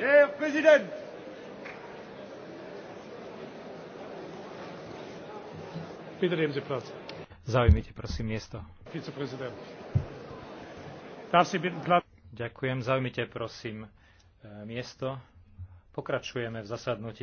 Herr Präsident! Bitte nehmen Sie Platz. Zaujmite prosím miesto. Ďakujem, zaujmite prosím e, miesto. Pokračujeme v zasadnutí.